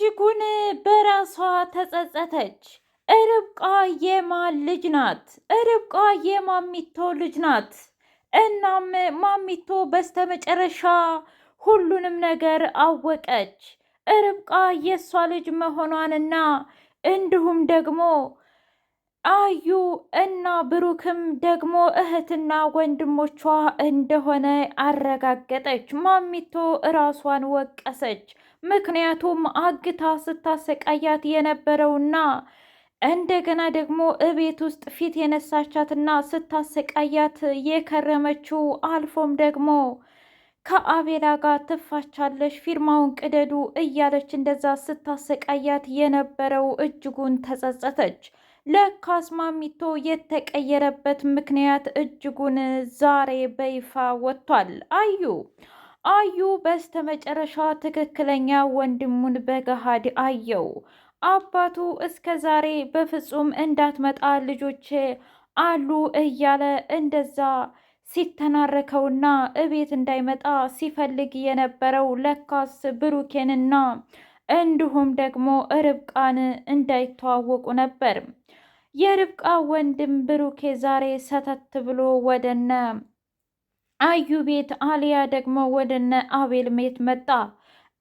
እጅጉን በራሷ ተጸጸተች። ርብቃ የማን ልጅ ናት? ርብቃ የማሚቶ ልጅ ናት። እናም ማሚቶ በስተመጨረሻ ሁሉንም ነገር አወቀች። ርብቃ የእሷ ልጅ መሆኗንና እንዲሁም ደግሞ አዩ እና ብሩክም ደግሞ እህትና ወንድሞቿ እንደሆነ አረጋገጠች። ማሚቶ እራሷን ወቀሰች። ምክንያቱም አግታ ስታሰቃያት የነበረውና እንደገና ደግሞ እቤት ውስጥ ፊት የነሳቻትና ስታሰቃያት የከረመችው አልፎም ደግሞ ከአቤላ ጋር ትፋቻለሽ፣ ፊርማውን ቅደዱ እያለች እንደዛ ስታሰቃያት የነበረው እጅጉን ተጸጸተች። ለካስ ማሚቶ የተቀየረበት ምክንያት እጅጉን ዛሬ በይፋ ወጥቷል። አዩ አዩ በስተመጨረሻ ትክክለኛ ወንድሙን በገሃድ አየው። አባቱ እስከ ዛሬ በፍጹም እንዳትመጣ ልጆቼ አሉ እያለ እንደዛ ሲተናረከውና እቤት እንዳይመጣ ሲፈልግ የነበረው ለካስ ብሩኬንና እንዲሁም ደግሞ ርብቃን እንዳይተዋወቁ ነበር። የርብቃ ወንድም ብሩኬ ዛሬ ሰተት ብሎ ወደነ አዩ ቤት አሊያ ደግሞ ወደነ አቤል ቤት መጣ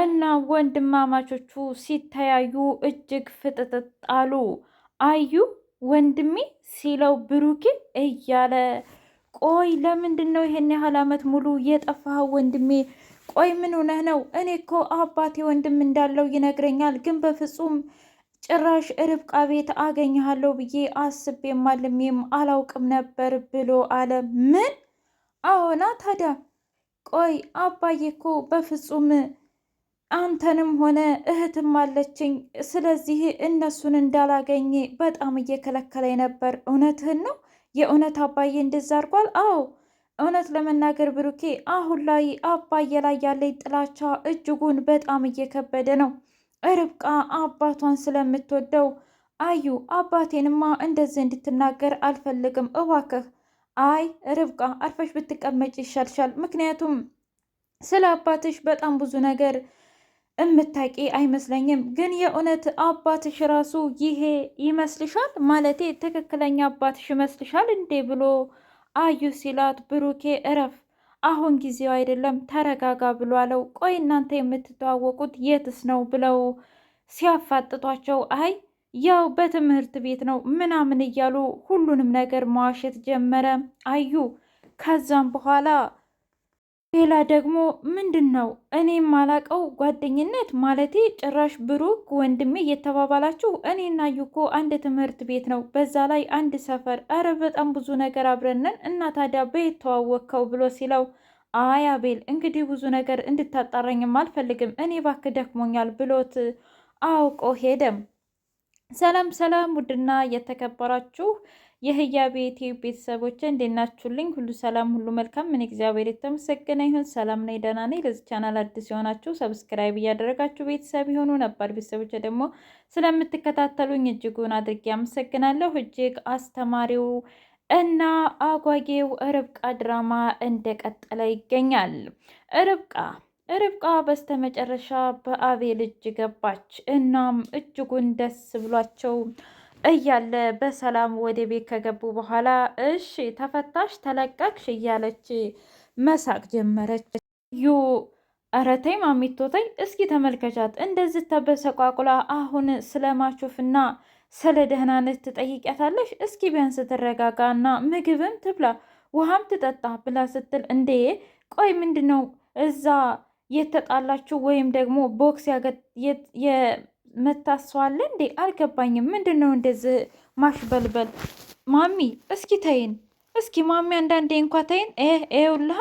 እና ወንድማማቾቹ ሲተያዩ እጅግ ፍጥጥጥ አሉ። አዩ ወንድሜ ሲለው ብሩኬ እያለ ቆይ ለምንድን ነው ይሄን ያህል ዓመት ሙሉ የጠፋኸው ወንድሜ? ቆይ ምን ሆነህ ነው? እኔ እኮ አባቴ ወንድም እንዳለው ይነግረኛል፣ ግን በፍጹም ጭራሽ ርብቃ ቤት አገኘሃለሁ ብዬ አስቤም አልሜም አላውቅም ነበር ብሎ አለ። ምን አዎና ታዲያ ቆይ አባዬ እኮ በፍጹም አንተንም ሆነ እህትም አለችኝ። ስለዚህ እነሱን እንዳላገኝ በጣም እየከለከለኝ ነበር። እውነትህን ነው? የእውነት አባዬ እንደዛ አድርጓል? አዎ እውነት ለመናገር ብሩኬ፣ አሁን ላይ አባዬ ላይ ያለኝ ጥላቻ እጅጉን በጣም እየከበደ ነው። ርብቃ አባቷን ስለምትወደው አዩ አባቴንማ እንደዚህ እንድትናገር አልፈልግም እባክህ አይ ርብቃ አርፈሽ ብትቀመጭ ይሻልሻል። ምክንያቱም ስለ አባትሽ በጣም ብዙ ነገር እምታቂ አይመስለኝም። ግን የእውነት አባትሽ ራሱ ይሄ ይመስልሻል? ማለቴ ትክክለኛ አባትሽ ይመስልሻል እንዴ? ብሎ አዩ ሲላት ብሩኬ እረፍ፣ አሁን ጊዜው አይደለም፣ ተረጋጋ ብሎ አለው። ቆይ እናንተ የምትተዋወቁት የትስ ነው? ብለው ሲያፋጥጧቸው አይ ያው በትምህርት ቤት ነው ምናምን እያሉ ሁሉንም ነገር መዋሸት ጀመረ አዩ። ከዛም በኋላ ሌላ ደግሞ ምንድን ነው እኔም ማላቀው ጓደኝነት ማለቴ ጭራሽ ብሩክ ወንድሜ እየተባባላችሁ እኔና አዩ እኮ አንድ ትምህርት ቤት ነው፣ በዛ ላይ አንድ ሰፈር፣ አረ በጣም ብዙ ነገር አብረነን እና ታዲያ በየት ተዋወቅከው ብሎ ሲለው አይ አቤል እንግዲህ ብዙ ነገር እንድታጣራኝም አልፈልግም እኔ ባክ ደክሞኛል ብሎት አውቆ ሄደም። ሰላም ሰላም፣ ውድና የተከበራችሁ የህያ ቤቴ ቤተሰቦች እንዴት ናችሁልኝ? ሁሉ ሰላም፣ ሁሉ መልካም። ምን እግዚአብሔር የተመሰገነ ይሁን። ሰላም ነኝ፣ ደህና ነኝ። ለዚህ ቻናል አዲስ የሆናችሁ ሰብስክራይብ እያደረጋችሁ ቤተሰብ የሆኑ ነባር ቤተሰቦች ደግሞ ስለምትከታተሉኝ እጅጉን አድርጌ አመሰግናለሁ። እጅግ አስተማሪው እና አጓጌው ርብቃ ድራማ እንደቀጠለ ይገኛል። ርብቃ ርብቃ በስተመጨረሻ በአቤል እጅ ገባች። እናም እጅጉን ደስ ብሏቸው እያለ በሰላም ወደ ቤት ከገቡ በኋላ እሺ ተፈታሽ ተለቀቅሽ እያለች መሳቅ ጀመረች። ዩ እረተይ ማሚቶተኝ እስኪ ተመልከቻት እንደዚህ ተበሰቋቁላ አሁን ስለ ማቾፍና ስለ ደህናነት ትጠይቂያታለሽ? እስኪ ቢያንስ ትረጋጋና ምግብም ትብላ ውሃም ትጠጣ ብላ ስትል እንዴ ቆይ ምንድን ነው እዛ የተጣላችሁ ወይም ደግሞ ቦክስ የመታሰዋለ እንዴ? አልገባኝም። ምንድን ነው እንደዚህ ማሽበልበል? ማሚ እስኪ ተይን፣ እስኪ ማሚ አንዳንዴ እንኳ ተይን። ውልሃ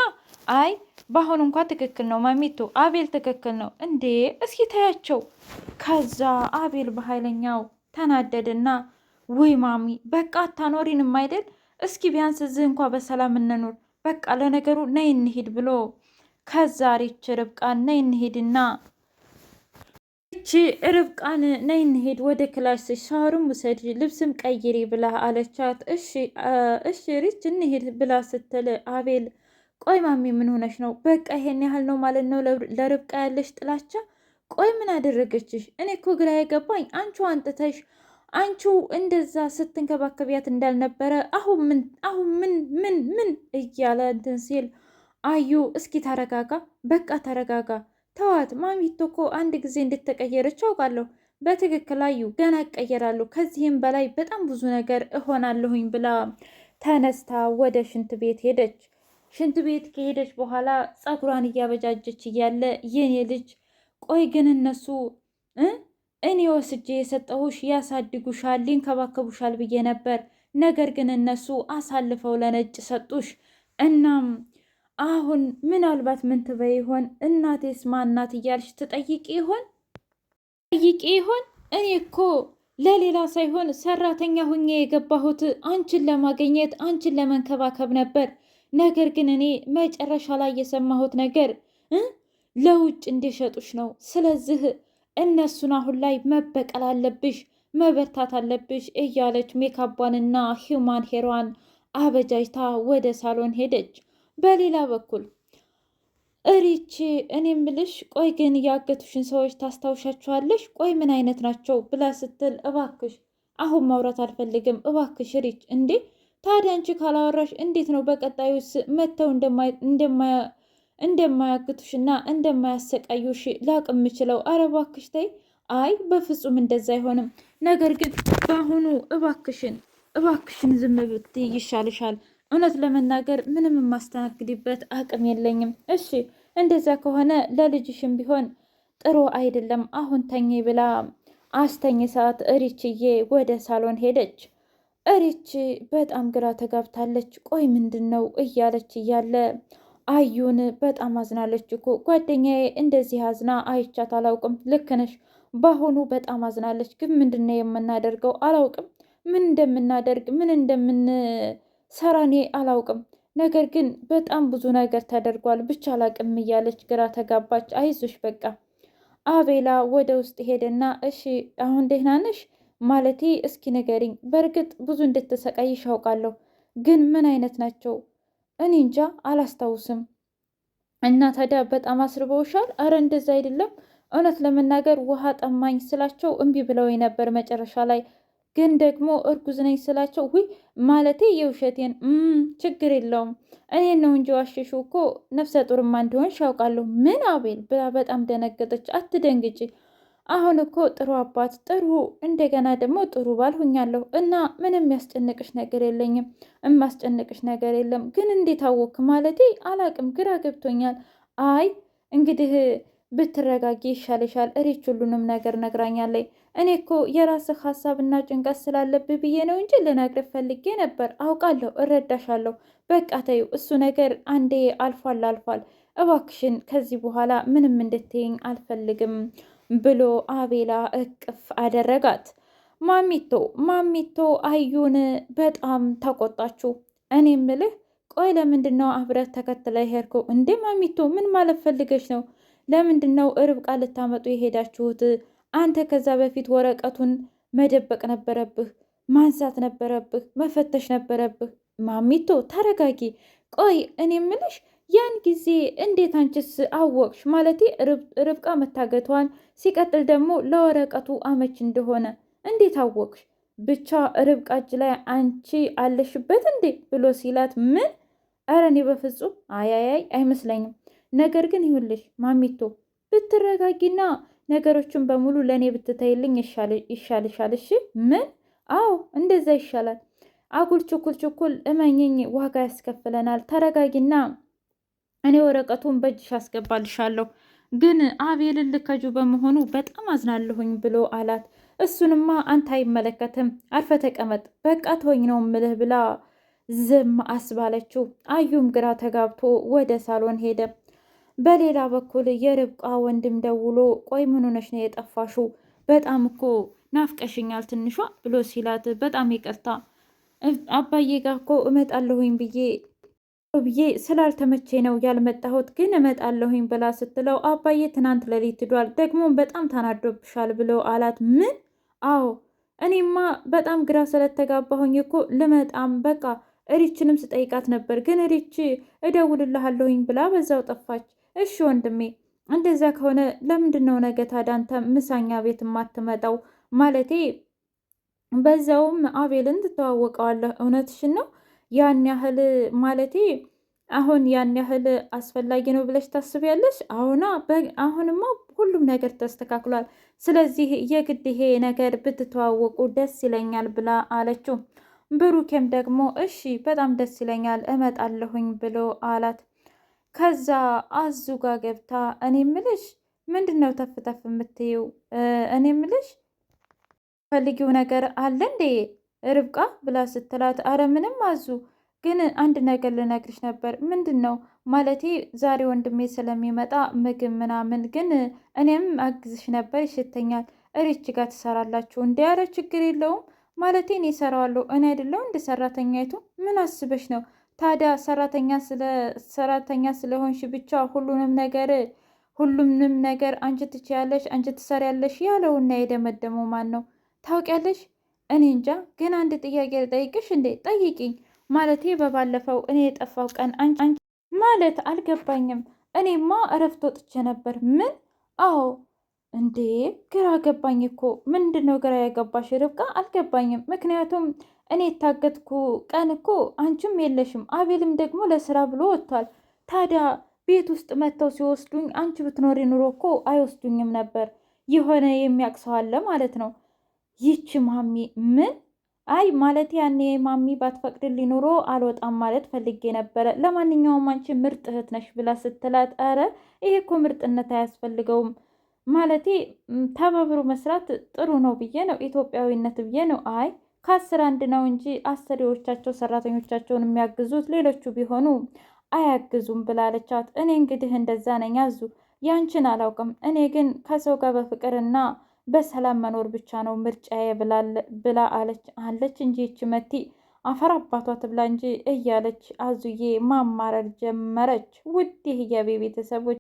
አይ በአሁኑ እንኳ ትክክል ነው ማሚቱ፣ አቤል ትክክል ነው እንዴ? እስኪ ተያቸው። ከዛ አቤል በኃይለኛው ተናደድና ውይ ማሚ በቃ አታኖሪንም አይደል? እስኪ ቢያንስ እዚህ እንኳ በሰላም እንኑር። በቃ ለነገሩ ነይ እንሂድ ብሎ ከዛ ሪች ርብቃን ነይ እንሂድና ይቺ ርብቃን ነይ እንሂድ ወደ ክላስ ሻወርም ውሰድ ልብስም ቀይሪ ብላ አለቻት። እሺ ሪች እንሂድ ብላ ስትል አቤል ቆይ ማሚ ምን ሆነሽ ነው? በቃ ይሄን ያህል ነው ማለት ነው ለርብቃ ያለሽ ጥላቻ? ቆይ ምን አደረገችሽ? እኔ እኮ ግራ የገባኝ አንቺ አንጥተሽ አንቺ እንደዛ ስትንከባከቢያት እንዳልነበረ አሁን ምን አሁን ምን ምን ምን እያለ እንትን ሲል አዩ እስኪ ተረጋጋ፣ በቃ ተረጋጋ፣ ተዋት። ማሚቶ እኮ አንድ ጊዜ እንድትቀየረች አውቃለሁ። በትክክል አዩ፣ ገና እቀየራለሁ፣ ከዚህም በላይ በጣም ብዙ ነገር እሆናለሁኝ ብላ ተነስታ ወደ ሽንት ቤት ሄደች። ሽንት ቤት ከሄደች በኋላ ፀጉሯን እያበጃጀች እያለ የኔ ልጅ፣ ቆይ ግን እነሱ እኔ ወስጄ የሰጠሁሽ ያሳድጉሻል፣ ሊንከባከቡሻል ብዬ ነበር። ነገር ግን እነሱ አሳልፈው ለነጭ ሰጡሽ። እናም አሁን ምናልባት ምን ትበይ ይሆን? እናቴስ ማናት እያልሽ ትጠይቂ ይሆን ጠይቂ ይሆን? እኔ እኮ ለሌላ ሳይሆን ሰራተኛ ሁኜ የገባሁት አንቺን ለማግኘት አንቺን ለመንከባከብ ነበር። ነገር ግን እኔ መጨረሻ ላይ የሰማሁት ነገር ለውጭ እንደሸጡሽ ነው። ስለዚህ እነሱን አሁን ላይ መበቀል አለብሽ፣ መበርታት አለብሽ እያለች ሜካቧንና ሂውማን ሄሯን አበጃጅታ ወደ ሳሎን ሄደች። በሌላ በኩል እሪች እኔ ምልሽ፣ ቆይ ግን ያገቱሽን ሰዎች ታስታውሻችኋለሽ? ቆይ ምን አይነት ናቸው ብላ ስትል፣ እባክሽ አሁን ማውራት አልፈልግም እባክሽ ሪች። እንዴ ታዲያ አንቺ ካላወራሽ እንዴት ነው በቀጣዩስ መተው እንደማያግቱሽና እንደማያሰቃዩሽ ላቅ የምችለው? አረ እባክሽ ተይ። አይ በፍጹም እንደዛ አይሆንም። ነገር ግን በአሁኑ እባክሽን እባክሽን ዝም ብትይ ይሻልሻል። እውነት ለመናገር ምንም የማስተናግድበት አቅም የለኝም። እሺ እንደዛ ከሆነ ለልጅሽም ቢሆን ጥሩ አይደለም። አሁን ተኝ ብላ አስተኝ ሰዓት እሪችዬ ወደ ሳሎን ሄደች። እሪች በጣም ግራ ተጋብታለች። ቆይ ምንድን ነው እያለች እያለ አዩን በጣም አዝናለች እኮ ጓደኛዬ፣ እንደዚህ አዝና አይቻት አላውቅም። ልክ ነሽ፣ በአሁኑ በጣም አዝናለች። ግን ምንድን ነው የምናደርገው? አላውቅም ምን እንደምናደርግ ምን እንደምን ሰራኔ አላውቅም፣ ነገር ግን በጣም ብዙ ነገር ተደርጓል፣ ብቻ አላቅም እያለች ግራ ተጋባች። አይዞሽ በቃ አቤላ ወደ ውስጥ ሄደና እሺ አሁን ደህና ነሽ? ማለቴ እስኪ ንገሪኝ። በእርግጥ ብዙ እንድትሰቃይሽ አውቃለሁ፣ ግን ምን አይነት ናቸው? እኔ እንጃ አላስታውስም። እና ታዲያ በጣም አስርበውሻል? አረ እንደዛ አይደለም። እውነት ለመናገር ውሃ ጠማኝ ስላቸው እምቢ ብለው የነበር መጨረሻ ላይ ግን ደግሞ እርጉዝ ነኝ ስላቸው ውይ ማለቴ የውሸቴን ችግር የለውም እኔ ነው እንጂ ዋሸሹ እኮ ነፍሰ ጡርማ እንደሆንሽ ሻውቃለሁ ምን አቤል ብላ በጣም ደነገጠች። አትደንግጪ፣ አሁን እኮ ጥሩ አባት ጥሩ እንደገና ደግሞ ጥሩ ባል ሁኛለሁ እና ምንም የሚያስጨንቅሽ ነገር የለኝም፣ የማስጨንቅሽ ነገር የለም። ግን እንዴት አወክ? ማለቴ አላቅም፣ ግራ ገብቶኛል። አይ እንግዲህ ብትረጋጊ ይሻልሻል። እሬች ሁሉንም ነገር ነግራኛለይ። እኔ እኮ የራስህ ሀሳብና ጭንቀት ስላለብህ ብዬ ነው እንጂ ልነግርህ ፈልጌ ነበር። አውቃለሁ፣ እረዳሻለሁ። በቃ ተይው፣ እሱ ነገር አንዴ አልፏል አልፏል። እባክሽን ከዚህ በኋላ ምንም እንድትይኝ አልፈልግም ብሎ አቤላ እቅፍ አደረጋት። ማሚቶ ማሚቶ አዩን በጣም ተቆጣችሁ። እኔ ምልህ ቆይ፣ ለምንድነው አብረት ተከትለ ሄድከው እንዴ? ማሚቶ ምን ማለት ፈልገች ነው? ለምንድን ነው ርብቃ ልታመጡ የሄዳችሁት? አንተ ከዛ በፊት ወረቀቱን መደበቅ ነበረብህ፣ ማንሳት ነበረብህ፣ መፈተሽ ነበረብህ። ማሚቶ ተረጋጊ። ቆይ እኔ ምልሽ ያን ጊዜ እንዴት አንቺስ አወቅሽ? ማለቴ ርብቃ መታገቷን፣ ሲቀጥል ደግሞ ለወረቀቱ አመች እንደሆነ እንዴት አወቅሽ? ብቻ ርብቃ እጅ ላይ አንቺ አለሽበት እንዴ ብሎ ሲላት ምን? ኧረ እኔ በፍጹም አያያይ አይመስለኝም ነገር ግን ይሁልሽ ማሚቶ ብትረጋጊና ነገሮችን በሙሉ ለእኔ ብትተይልኝ ይሻልሻል። እሺ? ምን? አዎ እንደዛ ይሻላል። አጉል ችኩል ችኩል እመኝኝ ዋጋ ያስከፍለናል። ተረጋጊና እኔ ወረቀቱን በእጅሽ አስገባልሻለሁ። ግን አቤልን ልከጁ በመሆኑ በጣም አዝናለሁኝ ብሎ አላት። እሱንማ አንተ አይመለከትም፣ አርፈ ተቀመጥ፣ በቃ ተወኝ ነው ምልህ ብላ ዝም አስባለችው። አዩም ግራ ተጋብቶ ወደ ሳሎን ሄደ። በሌላ በኩል የርብቃ ወንድም ደውሎ ቆይ ምን ሆነሽ ነው የጠፋሹ? በጣም እኮ ናፍቀሽኛል ትንሿ ብሎ ሲላት በጣም ይቅርታ አባዬ ጋር እኮ እመጣለሁኝ ብዬ ብዬ ስላልተመቼ ነው ያልመጣሁት፣ ግን እመጣለሁኝ ብላ ስትለው አባዬ ትናንት ሌሊት ሂዷል፣ ደግሞ በጣም ታናዶብሻል ብሎ አላት። ምን? አዎ እኔማ በጣም ግራ ስለተጋባሁኝ እኮ ልመጣም በቃ እሪችንም ስጠይቃት ነበር፣ ግን እሪች እደውልልሃለሁኝ ብላ በዛው ጠፋች። እሺ ወንድሜ፣ እንደዚያ ከሆነ ለምንድን ነው ነገ ታዲያ አንተ ምሳኛ ቤት የማትመጣው? ማለቴ በዛውም አቤልን ትተዋወቀዋለህ። እውነትሽን ነው። ያን ያህል ማለቴ አሁን ያን ያህል አስፈላጊ ነው ብለሽ ታስቢያለሽ? አሁና አሁንማ ሁሉም ነገር ተስተካክሏል። ስለዚህ የግድ ይሄ ነገር ብትተዋወቁ ደስ ይለኛል ብላ አለችው። ብሩኬም ደግሞ እሺ በጣም ደስ ይለኛል እመጣለሁኝ ብሎ አላት። ከዛ አዙ ጋር ገብታ እኔ ምልሽ ምንድን ነው ተፍ ተፍ የምትይው? እኔ ምልሽ ፈልጊው ነገር አለ እንዴ ርብቃ ብላ ስትላት፣ አረ ምንም አዙ፣ ግን አንድ ነገር ልነግርሽ ነበር። ምንድን ነው ማለቴ ዛሬ ወንድሜ ስለሚመጣ ምግብ ምናምን፣ ግን እኔም አግዝሽ ነበር ይሽተኛል። እሪች ጋር ትሰራላችሁ እንዲ? ያለ ችግር የለውም ማለቴ እኔ እሰራዋለሁ። እኔ አይደለሁ እንደ ሰራተኛይቱ። ምን አስበሽ ነው ታዲያ ሰራተኛ ስለ ሰራተኛ ስለሆንሽ ብቻ ሁሉንም ነገር ሁሉንም ነገር አንቺ ትችያለሽ፣ አንቺ ትሰሪያለሽ ያለውና የደመደመው ማን ነው? ታውቂያለሽ? እኔ እንጃ። ግን አንድ ጥያቄ ልጠይቅሽ እንዴ? ጠይቂኝ። ማለቴ በባለፈው እኔ የጠፋው ቀን አንቺ ማለት አልገባኝም። እኔማ እረፍት ወጥቼ ነበር። ምን? አዎ። እንዴ ግራ ገባኝ እኮ። ምንድን ነው ግራ ያገባሽ ርብቃ? አልገባኝም። ምክንያቱም እኔ የታገትኩ ቀን እኮ አንቺም የለሽም፣ አቤልም ደግሞ ለስራ ብሎ ወጥቷል። ታዲያ ቤት ውስጥ መጥተው ሲወስዱኝ አንቺ ብትኖሪ ኑሮ እኮ አይወስዱኝም ነበር። የሆነ የሚያቅሰዋለ ማለት ነው። ይቺ ማሚ ምን አይ ማለት ያኔ ማሚ ባትፈቅድልኝ ኑሮ አልወጣም ማለት ፈልጌ ነበረ። ለማንኛውም አንቺ ምርጥ እህት ነሽ ብላ ስትላት፣ ኧረ ይሄ እኮ ምርጥነት አያስፈልገውም ማለቴ ተባብሮ መስራት ጥሩ ነው ብዬ ነው ኢትዮጵያዊነት ብዬ ነው አይ ከአስር አንድ ነው እንጂ አሰሪዎቻቸው ሰራተኞቻቸውን የሚያግዙት ሌሎቹ ቢሆኑ አያግዙም ብላለቻት። እኔ እንግዲህ እንደዛ ነኝ አዙ፣ ያንቺን አላውቅም። እኔ ግን ከሰው ጋር በፍቅርና በሰላም መኖር ብቻ ነው ምርጫዬ ብላ አለች አለች እንጂ ይች መቲ አፈር አባቷ ትብላ እንጂ እያለች አዙዬ ማማረር ጀመረች። ውድ የህያቤ ቤተሰቦች